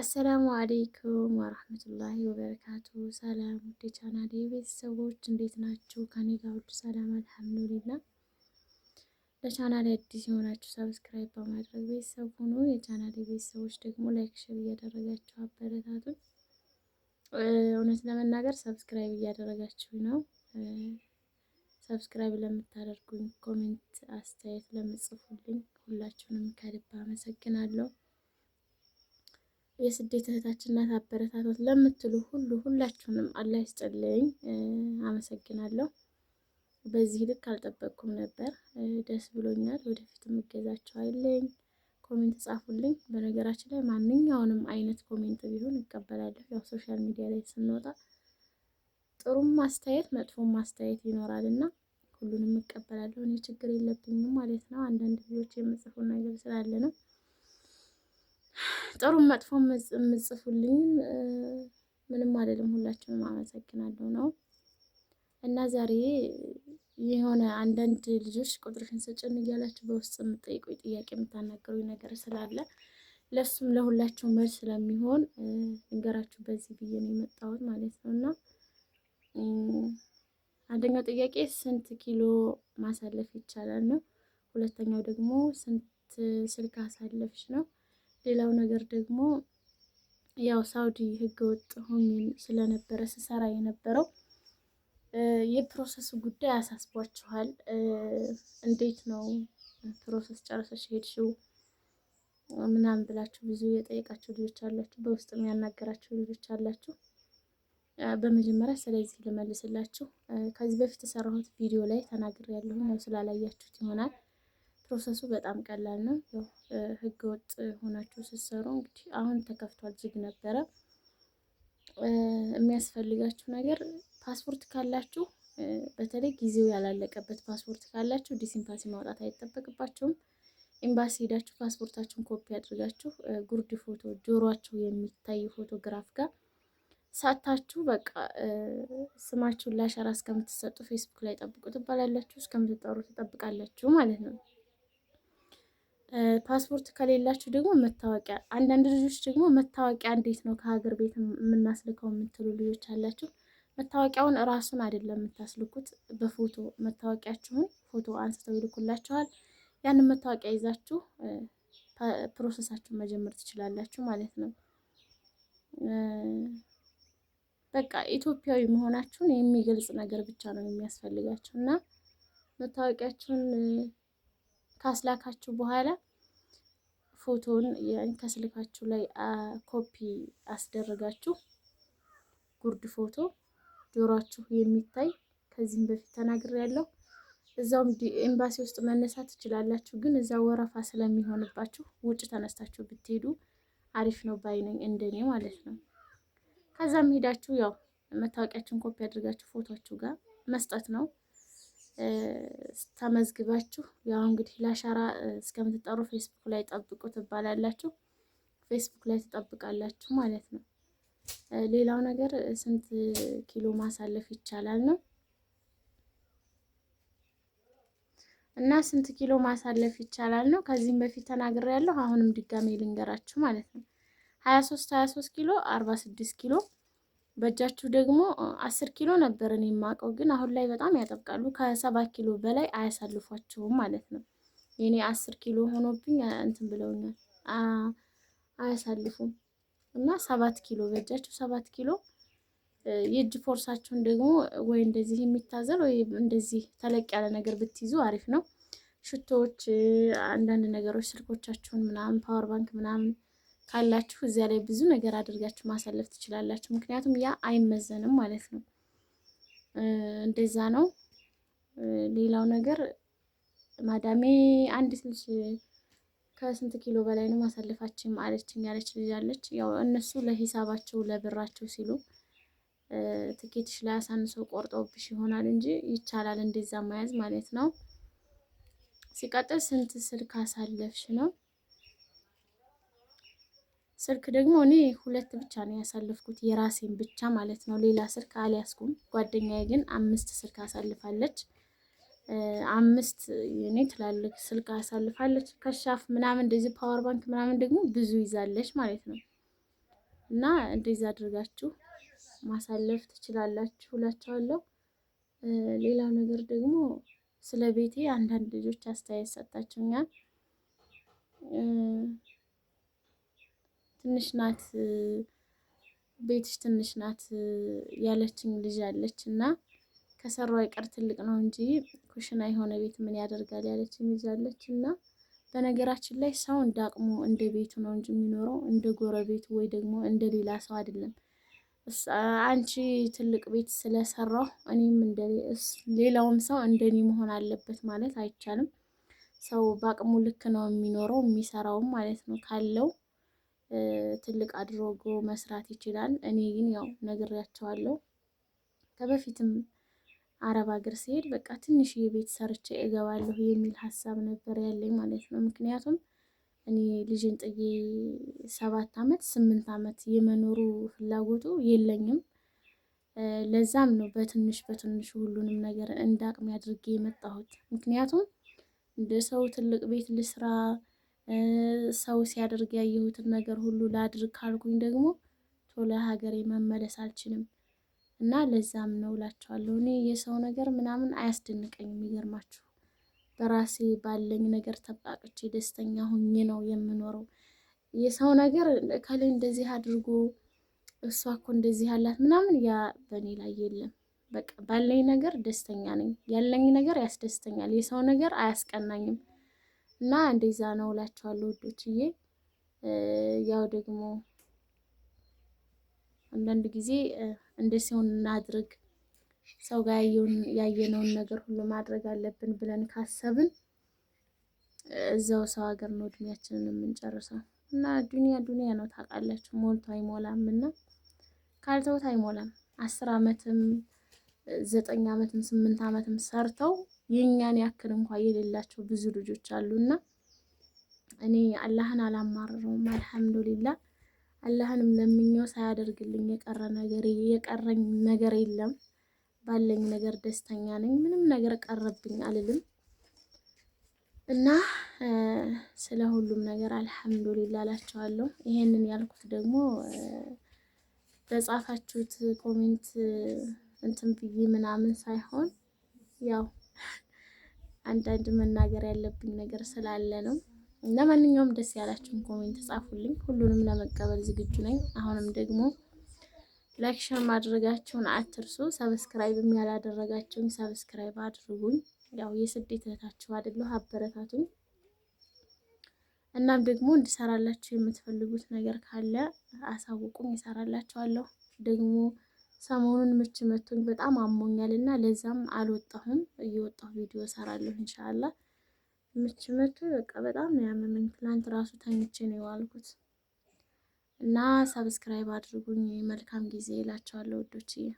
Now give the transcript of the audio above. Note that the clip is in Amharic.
አሰላሙ አሌይኩም ወረህመቱላሂ ወበረካቱ። ሰላም ውድ የቻናሌ ቤተሰቦች እንዴት ናችሁ? ከኔ ጋር ሁሉ ሰላም አልሐምዱሊላ። ለቻናሌ አዲስ የሆናችሁ ሰብስክራይብ በማድረግ ቤተሰብ ሁኑ። የቻናሌ ቤተሰቦች ደግሞ ላይክ፣ ሼር እያደረጋችሁ አበረታቱን። እውነት ለመናገር ሰብስክራይብ እያደረጋችሁ ነው። ሰብስክራይብ ለምታደርጉኝ፣ ኮሜንት አስተያየት ለምጽፉልኝ ሁላችሁንም ከልብ አመሰግናለሁ። የስደት እህታችን ናት አበረታቶት ለምትሉ ሁሉ ሁላችሁንም አላህ ይስጥልኝ። አመሰግናለሁ። በዚህ ልክ አልጠበቅኩም ነበር። ደስ ብሎኛል። ወደፊት እገዛቸው አይለኝ። ኮሜንት ጻፉልኝ። በነገራችን ላይ ማንኛውንም አይነት ኮሜንት ቢሆን እቀበላለሁ። ያው ሶሻል ሚዲያ ላይ ስንወጣ ጥሩም ማስተያየት መጥፎም ማስተያየት ይኖራል እና ሁሉንም እቀበላለሁ። እኔ ችግር የለብኝም ማለት ነው። አንዳንድ ልጆች የምጽፉ ነገር ስላለ ነው። ጥሩ መጥፎ የምጽፉልኝ ምንም አይደለም። ሁላችሁንም አመሰግናለሁ ነው እና ዛሬ የሆነ አንዳንድ ልጆች ቁጥርሽን ስጭን እያላችሁ በውስጥ የምጠይቁኝ ጥያቄ የምታናገሩኝ ነገር ስላለ ለሱም ለሁላችሁ መልስ ስለሚሆን እንገራችሁ በዚህ ብዬ ነው የመጣሁት ማለት ነው እና አንደኛው ጥያቄ ስንት ኪሎ ማሳለፍ ይቻላል ነው። ሁለተኛው ደግሞ ስንት ስልክ አሳለፍሽ ነው። ሌላው ነገር ደግሞ ያው ሳውዲ ህገወጥ ሆኜ ስለነበረ ስሰራ የነበረው የፕሮሰስ ጉዳይ አሳስቧችኋል? እንዴት ነው ፕሮሰስ ጨረሰሽ ሄድሽው ምናምን ብላችሁ ብዙ የጠየቃችሁ ልጆች አላችሁ፣ በውስጥም ያናገራችሁ ልጆች አላችሁ። በመጀመሪያ ስለዚህ ልመልስላችሁ። ከዚህ በፊት የሰራሁት ቪዲዮ ላይ ተናግሬያለሁ፣ ስላላያችሁት ይሆናል ፕሮሰሱ በጣም ቀላል ነው። ህገ ወጥ ሆናችሁ ስትሰሩ እንግዲህ አሁን ተከፍቷል፣ ዝግ ነበረ። የሚያስፈልጋችሁ ነገር ፓስፖርት ካላችሁ፣ በተለይ ጊዜው ያላለቀበት ፓስፖርት ካላችሁ አዲስ ማውጣት አይጠበቅባችሁም። ኤምባሲ ሄዳችሁ ፓስፖርታችሁን ኮፒ አድርጋችሁ ጉርድ ፎቶ ጆሯችሁ የሚታይ ፎቶግራፍ ጋር ሳታችሁ በቃ ስማችሁን ለአሻራ እስከምትሰጡ ፌስቡክ ላይ ጠብቁ ትባላላችሁ። እስከምትጠሩ ትጠብቃላችሁ ማለት ነው። ፓስፖርት ከሌላችሁ ደግሞ መታወቂያ። አንዳንድ ልጆች ደግሞ መታወቂያ እንዴት ነው ከሀገር ቤት የምናስልከው የምትሉ ልጆች አላችሁ። መታወቂያውን እራሱን አይደለም የምታስልኩት፣ በፎቶ መታወቂያችሁን ፎቶ አንስተው ይልኩላችኋል። ያንን መታወቂያ ይዛችሁ ፕሮሰሳችሁን መጀመር ትችላላችሁ ማለት ነው። በቃ ኢትዮጵያዊ መሆናችሁን የሚገልጽ ነገር ብቻ ነው የሚያስፈልጋችሁ እና መታወቂያችሁን ካስላካችሁ በኋላ ፎቶን ከስልካችሁ ላይ ኮፒ አስደረጋችሁ ጉርድ ፎቶ ጆሯችሁ የሚታይ ከዚህም በፊት ተናግሬ ያለው እዛውም ኤምባሲ ውስጥ መነሳት ትችላላችሁ። ግን እዛ ወረፋ ስለሚሆንባችሁ ውጭ ተነስታችሁ ብትሄዱ አሪፍ ነው ባይ ነኝ፣ እንደኔ ማለት ነው። ከዛም ሄዳችሁ ያው መታወቂያችሁን ኮፒ አድርጋችሁ ፎቶችሁ ጋር መስጠት ነው። ተመዝግባችሁ ያው እንግዲህ ለአሻራ እስከምትጠሩ ፌስቡክ ላይ ጠብቁ ትባላላችሁ። ፌስቡክ ላይ ትጠብቃላችሁ ማለት ነው። ሌላው ነገር ስንት ኪሎ ማሳለፍ ይቻላል ነው እና ስንት ኪሎ ማሳለፍ ይቻላል ነው። ከዚህም በፊት ተናግሬ ያለሁ አሁንም ድጋሜ ልንገራችሁ ማለት ነው ሀያ ሶስት ኪሎ 46 ኪሎ በእጃችሁ ደግሞ አስር ኪሎ ነበርን የማውቀው፣ ግን አሁን ላይ በጣም ያጠብቃሉ። ከሰባት ኪሎ በላይ አያሳልፏቸውም ማለት ነው። የኔ አስር ኪሎ ሆኖብኝ እንትን ብለውኛል፣ አያሳልፉም። እና ሰባት ኪሎ በእጃችሁ ሰባት ኪሎ የእጅ ፎርሳችሁን ደግሞ ወይ እንደዚህ የሚታዘል ወይ እንደዚህ ተለቅ ያለ ነገር ብትይዙ አሪፍ ነው። ሽቶዎች፣ አንዳንድ ነገሮች፣ ስልኮቻችሁን ምናምን ፓወር ባንክ ምናምን ካላችሁ እዚያ ላይ ብዙ ነገር አድርጋችሁ ማሳለፍ ትችላላችሁ። ምክንያቱም ያ አይመዘንም ማለት ነው። እንደዛ ነው። ሌላው ነገር ማዳሜ አንዲት ልጅ ከስንት ኪሎ በላይ ነው ማሳለፋችን አለችኝ ያለች ልጅ አለች። ያው እነሱ ለሂሳባቸው ለብራቸው ሲሉ ትኬትሽ ላይ አሳንሰው ቆርጠውብሽ ይሆናል እንጂ ይቻላል እንደዛ መያዝ ማለት ነው። ሲቀጥል ስንት ስልክ አሳለፍሽ ነው ስልክ ደግሞ እኔ ሁለት ብቻ ነው ያሳለፍኩት፣ የራሴን ብቻ ማለት ነው። ሌላ ስልክ አልያዝኩም። ጓደኛዬ ግን አምስት ስልክ አሳልፋለች። አምስት እኔ ትላልቅ ስልክ አሳልፋለች። ከሻፍ ምናምን እንደዚህ ፓወር ባንክ ምናምን ደግሞ ብዙ ይዛለች ማለት ነው። እና እንደዚህ አድርጋችሁ ማሳለፍ ትችላላችሁ እላችኋለሁ። ሌላው ነገር ደግሞ ስለ ቤቴ አንዳንድ ልጆች አስተያየት ሰጣችሁኛል። ትንሽ ናት ቤትሽ ትንሽ ናት ያለችኝ ልጅ አለች እና ከሰራው አይቀር ትልቅ ነው እንጂ ኩሽና የሆነ ቤት ምን ያደርጋል ያለችኝ ልጅ አለች እና በነገራችን ላይ ሰው እንደ አቅሙ እንደ ቤቱ ነው እንጂ የሚኖረው እንደ ጎረቤቱ ወይ ደግሞ እንደ ሌላ ሰው አይደለም። አንቺ ትልቅ ቤት ስለሰራሁ እኔም እንደ ሌላውም ሰው እንደኔ መሆን አለበት ማለት አይቻልም። ሰው በአቅሙ ልክ ነው የሚኖረው የሚሰራውም ማለት ነው ካለው ትልቅ አድርጎ መስራት ይችላል። እኔ ግን ያው ነግሬያቸዋለሁ። ከበፊትም አረብ ሀገር ሲሄድ በቃ ትንሽ ቤት ሰርቼ እገባለሁ የሚል ሀሳብ ነበር ያለኝ ማለት ነው። ምክንያቱም እኔ ልጅን ጥዬ ሰባት አመት ስምንት አመት የመኖሩ ፍላጎቱ የለኝም። ለዛም ነው በትንሽ በትንሹ ሁሉንም ነገር እንደ አቅሜ አድርጌ የመጣሁት። ምክንያቱም እንደ ሰው ትልቅ ቤት ልስራ ሰው ሲያደርግ ያየሁትን ነገር ሁሉ ላድርግ ካልኩኝ ደግሞ ቶሎ ሀገሬ መመለስ አልችልም እና ለዛም ነው እላቸዋለሁ። እኔ የሰው ነገር ምናምን አያስደንቀኝም። የሚገርማችሁ በራሴ ባለኝ ነገር ተብቃቅቼ ደስተኛ ሁኜ ነው የምኖረው። የሰው ነገር ከላይ እንደዚህ አድርጎ እሷ እኮ እንደዚህ ያላት ምናምን ያ በእኔ ላይ የለም። በቃ ባለኝ ነገር ደስተኛ ነኝ። ያለኝ ነገር ያስደስተኛል። የሰው ነገር አያስቀናኝም። እና እንደዛ ነው እላችኋለሁ ውዶችዬ። ያው ደግሞ አንዳንድ ጊዜ እንደ ሲሆን እናድርግ ሰው ጋር ያየነውን ነገር ሁሉ ማድረግ አለብን ብለን ካሰብን እዛው ሰው ሀገር ነው እድሜያችንን የምንጨርሰው። እና ዱኒያ ዱኒያ ነው ታውቃላችሁ፣ ሞልቶ አይሞላም እና ካልተውት አይሞላም። አስር አመትም ዘጠኝ ዓመትም ስምንት ዓመትም ሰርተው የእኛን ያክል እንኳ የሌላቸው ብዙ ልጆች አሉና እኔ አላህን አላማርረውም። አልሐምዱሊላ አላህንም ለምኛው ሳያደርግልኝ የቀረ ነገር የቀረኝ ነገር የለም። ባለኝ ነገር ደስተኛ ነኝ። ምንም ነገር ቀረብኝ አልልም እና ስለ ሁሉም ነገር አልሐምዱሊላ እላቸዋለሁ። ይሄንን ያልኩት ደግሞ በጻፋችሁት ኮሜንት እንትን ብዬ ምናምን ሳይሆን ያው አንዳንድ መናገር ያለብኝ ነገር ስላለ ነው። ለማንኛውም ደስ ያላችሁን ኮሜንት ጻፉልኝ። ሁሉንም ለመቀበል ዝግጁ ነኝ። አሁንም ደግሞ ላይክ፣ ሸር ማድረጋችሁን አትርሱ። ሰብስክራይብም ያላደረጋችሁኝ ሰብስክራይብ አድርጉኝ። ያው የስደት እህታችሁ አይደለሁ፣ አበረታቱኝ። እናም ደግሞ እንድሰራላችሁ የምትፈልጉት ነገር ካለ አሳውቁኝ፣ እሰራላችኋለሁ ደግሞ ሰሞኑን ምች መቶኝ በጣም አሞኛል እና ለዛም አልወጣሁም። እየወጣሁ ቪዲዮ ሰራለሁ እንሻላ። ምች መቶ በቃ በጣም ነው ያመመኝ። ትናንት ራሱ ተኝቼ ነው የዋልኩት እና ሰብስክራይብ አድርጉኝ። መልካም ጊዜ እላቸዋለሁ ወዶችዬ።